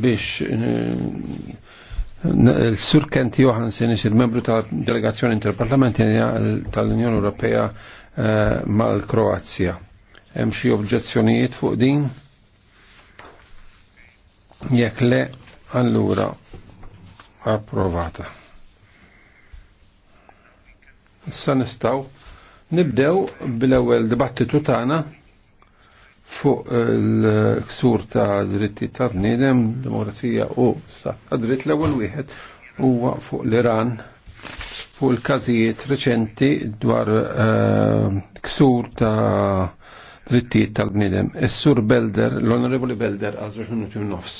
biex eh, il-Sur Kent Johansen il-membru tal-delegazzjoni interparlamenti tal-Unjoni Ewropea eh, mal-Kroazja. Hemm xi obġezzjonijiet fuq din? Jekk le, allura approvata. Issa nistgħu nibdew bil-ewwel dibattitu tagħna fuq l-ksur ta' dritti ta' bnidem demokrazija u sa' dritt l-ewwel wieħed huwa fuq l-Iran fuq l-kazijiet reċenti dwar eh, ksur ta' Dritti tal bnidem Is-sur Belder, l-Onorevoli Belder, għazwex minuti nofs.